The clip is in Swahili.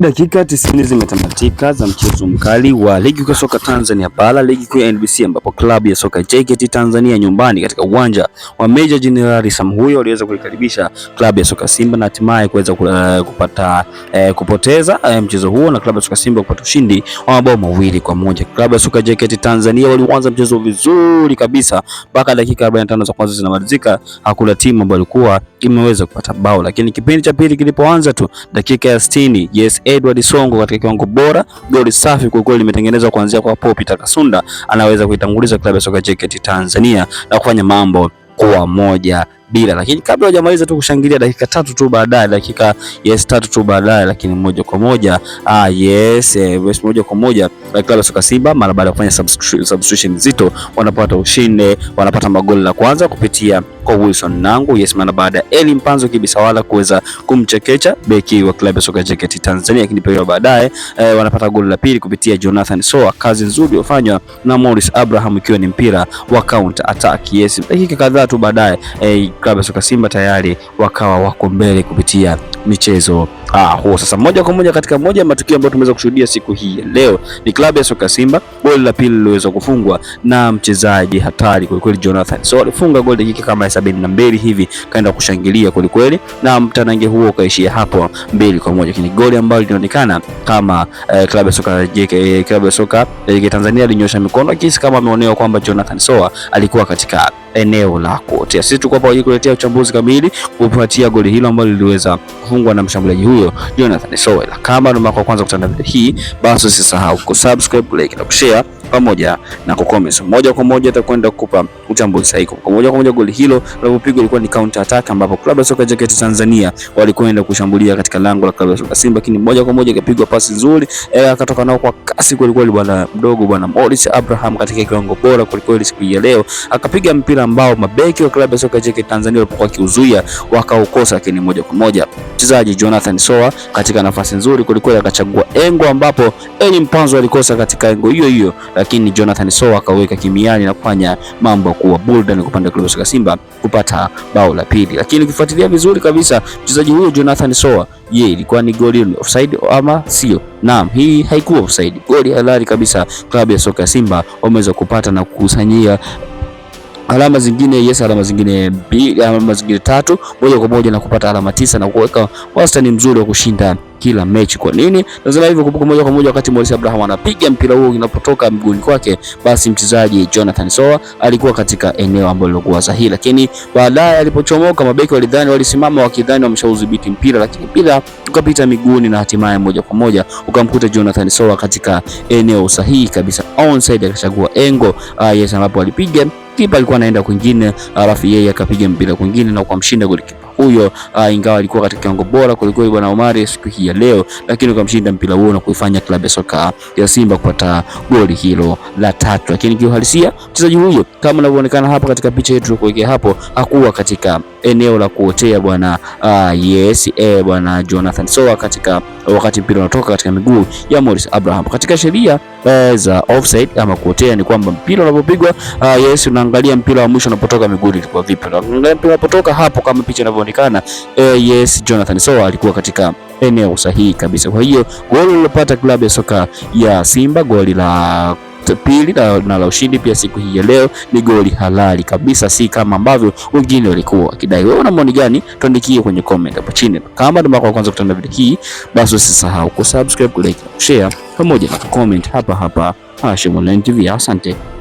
Dakika tisini zimetamatika za mchezo mkali wa ligi kuu ya soka Tanzania Bara, ligi kuu ya NBC, ambapo klabu ya soka JKT Tanzania nyumbani katika uwanja wa Meja Jenerali Samhuyo waliweza kuikaribisha klabu ya soka Simba na hatimaye kuweza eh, kupata eh, kupoteza eh, mchezo huo na klabu ya soka Simba kupata ushindi wa mabao mawili kwa moja. Klabu ya soka JKT Tanzania walianza mchezo vizuri kabisa mpaka dakika 45 za kwanza zinamalizika, hakuna timu ambayo ilikuwa imeweza kupata bao, lakini kipindi cha pili kilipoanza tu dakika ya 60, yes Edward Songo katika kiwango bora. Goli safi kwa kweli limetengenezwa kuanzia kwa Paul Peter Kasunda, anaweza kuitanguliza klabu ya soka JKT Tanzania na kufanya mambo kuwa moja bila. Lakini kabla hajamaliza tu kushangilia, dakika tatu tu baadaye, dakika yes tatu tu baadaye, lakini moja kwa moja ah, yes, eh, yes moja kwa moja klabu ya soka Simba mara baada ya kufanya substitution nzito wanapata ushindi, wanapata magoli la kwanza kupitia kwa Wilson Nangu, yes, mara baada ya Eli Mpanzo Kibisawala kuweza kumchekecha beki wa klabu ya soka JKT Tanzania, lakini pia baadaye eh, wanapata goli la pili kupitia Jonathan Soa, kazi nzuri iliyofanywa na Morris Abraham ikiwa ni mpira wa counter attack. Yes, dakika kadhaa tu baadaye eh, klabu ya soka Simba tayari wakawa wako mbele kupitia michezo uh, huo. Sasa moja kwa moja katika moja ya matukio ambayo tumeweza kushuhudia siku hii leo ni klabu ya soka Simba, goli la pili liliweza kufungwa na mchezaji hatari kwelikweli Jonathan. So alifunga goli dakika kama ya sabini na mbili hivi, kaenda kushangilia kwelikweli, na mtanange huo ukaishia hapo mbili kwa moja, lakini goli ambalo linaonekana kama uh, klabu ya soka JKT, eh, klabu ya soka ya eh, Tanzania alinyosha mikono kisi kama ameonewa kwamba Jonathan Soa alikuwa katika eneo la kuotea. Sisi tuko hapa kuletea uchambuzi kamili kupatia goli hilo ambalo liliweza kufungwa na mshambuliaji huyo huyo Jonathan Sowela. Kama ndio mara ya kwanza kutana video hii, basi usisahau kusubscribe, like na kushare pamoja na kukomesa moja kwa moja atakwenda kukupa utambuzi sahihi. Kwa moja kwa moja goli hilo lilopigwa ilikuwa ni counter attack ambapo klabu ya soka JKT Tanzania walikwenda kushambulia katika lango la klabu ya soka Simba, lakini moja kwa moja ikapigwa pasi nzuri, eh, akatoka nao kwa kasi kweli kweli bwana mdogo bwana Morris Abraham katika kiwango bora kweli kweli siku ya leo, akapiga mpira ambao mabeki wa klabu ya soka JKT Tanzania walipokuwa kiuzuia wakaukosa, lakini moja kwa moja mchezaji Jonathan Soa katika nafasi nzuri kweli kweli akachagua engo ambapo Eli Mpanzo alikosa katika engo hiyo hiyo lakini Jonathan Soa akaweka kimiani na kufanya mambo kuwa burudani kwa upande wa klabu ya Simba kupata bao la pili. Lakini ukifuatilia vizuri kabisa mchezaji huyo Jonathan Soa, yeye ilikuwa ni goli offside ama sio? Naam, hii haikuwa offside, goli halali kabisa. Klabu ya soka ya Simba wameweza kupata na kukusanyia alama zingine yes, alama zingine mbili, alama zingine tatu, moja kwa moja na kupata alama tisa na kuweka wastani mzuri wa kushinda kila mechi. Kwa nini nasema hivyo? Kumbuka moja kwa moja, wakati Morris Abraham anapiga mpira huo inapotoka mguuni kwake, basi mchezaji Jonathan Soa alikuwa katika eneo ambalo lilikuwa sahihi, lakini baadaye alipochomoka, mabeki walidhani walisimama wakidhani wameshaudhibiti mpira, lakini mpira ukapita miguuni na hatimaye moja kwa moja ukamkuta Jonathan Soa katika eneo sahihi kabisa, onside, akachagua engo. Ah, yes, ambapo alipiga golikipa alikuwa anaenda kwingine, alafu yeye akapiga mpira kwingine na mshinda golikipa huyo uh, ingawa alikuwa katika kiwango bora kuliko bwana Omari siku hii ya leo, lakini ukamshinda mpira huo na kuifanya klabu ya soka ya Simba kupata goli hilo la tatu. Lakini kiuhalisia mchezaji huyo kama unavyoonekana hapa katika picha yetu tulikuwekea hapo, hakuwa katika eneo la kuotea bwana uh, yes eh, bwana Jonathan Soa katika wakati mpira unatoka katika miguu ya Morris Abraham. Katika sheria eh, za offside ama kuotea ni kwamba mpira unapopigwa uh, yes unaangalia mpira wa mwisho unapotoka miguu ilikuwa vipi. Unaangalia mpira unapotoka hapo kama picha inavyo kuonekana eh, yes, Jonathan Soa alikuwa katika eneo sahihi kabisa. Kwa hiyo goli lilopata klabu ya soka ya Simba, goli la pili na, na la ushindi pia siku hii ya leo ni goli halali kabisa, si kama ambavyo wengine walikuwa wakidai. Wewe una maoni gani? Tuandikie kwenye comment hapo chini. Kama ndio mara ya kwanza kutana video hii, basi usisahau kusubscribe, like, share pamoja na comment hapa hapa Hashim Online TV. Asante.